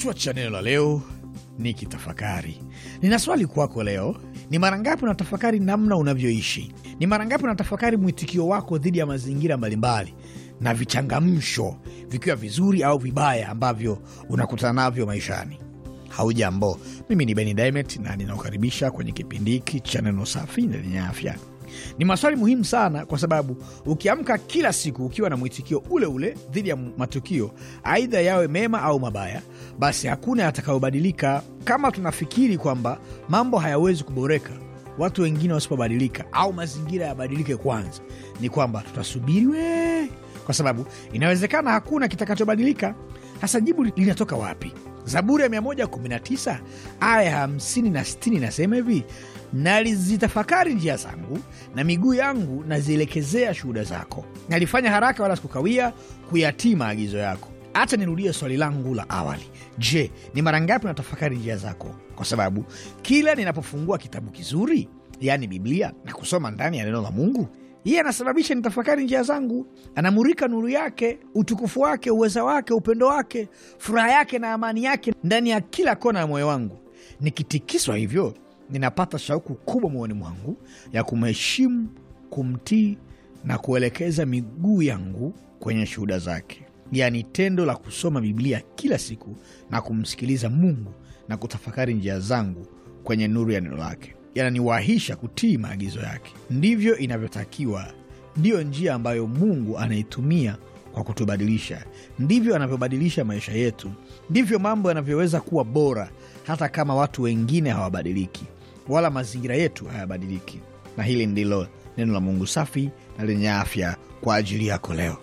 Kichwa cha neno la leo ni kitafakari. Nina swali kwako leo. Ni mara ngapi unatafakari namna unavyoishi? Ni mara ngapi unatafakari mwitikio wako dhidi ya mazingira mbalimbali na vichangamsho, vikiwa vizuri au vibaya, ambavyo unakutana navyo maishani? Haujambo, mimi ni Beni Dimet na ninakukaribisha kwenye kipindi hiki cha neno safi na lenye afya. Ni maswali muhimu sana, kwa sababu ukiamka kila siku ukiwa na mwitikio ule ule dhidi ya matukio, aidha yawe mema au mabaya, basi hakuna yatakayobadilika. Kama tunafikiri kwamba mambo hayawezi kuboreka watu wengine wasipobadilika au mazingira yabadilike kwanza, ni kwamba tutasubiri kwa sababu inawezekana hakuna kitakachobadilika. Hasa jibu linatoka wapi? Zaburi ya 119 aya ya 50 na 60 inasema hivi: nalizitafakari njia zangu na miguu yangu nazielekezea shuhuda zako, nalifanya haraka wala sikukawia kuyatii maagizo yako. Hata nirudie swali langu la awali, je, ni mara ngapi natafakari njia zako? Kwa sababu kila ninapofungua kitabu kizuri, yaani Biblia, na kusoma ndani ya neno la Mungu yeye anasababisha nitafakari njia zangu, anamurika nuru yake, utukufu wake, uweza wake, upendo wake, furaha yake na amani yake ndani ya kila kona ya moyo wangu. Nikitikiswa hivyo, ninapata shauku kubwa moyoni mwangu ya kumheshimu, kumtii na kuelekeza miguu yangu kwenye shuhuda zake, yaani tendo la kusoma Biblia kila siku na kumsikiliza Mungu na kutafakari njia zangu kwenye nuru ya neno lake yananiwahisha kutii maagizo yake. Ndivyo inavyotakiwa, ndiyo njia ambayo Mungu anaitumia kwa kutubadilisha. Ndivyo anavyobadilisha maisha yetu, ndivyo mambo yanavyoweza kuwa bora, hata kama watu wengine hawabadiliki wala mazingira yetu hayabadiliki. Na hili ndilo neno la Mungu safi na lenye afya kwa ajili yako leo.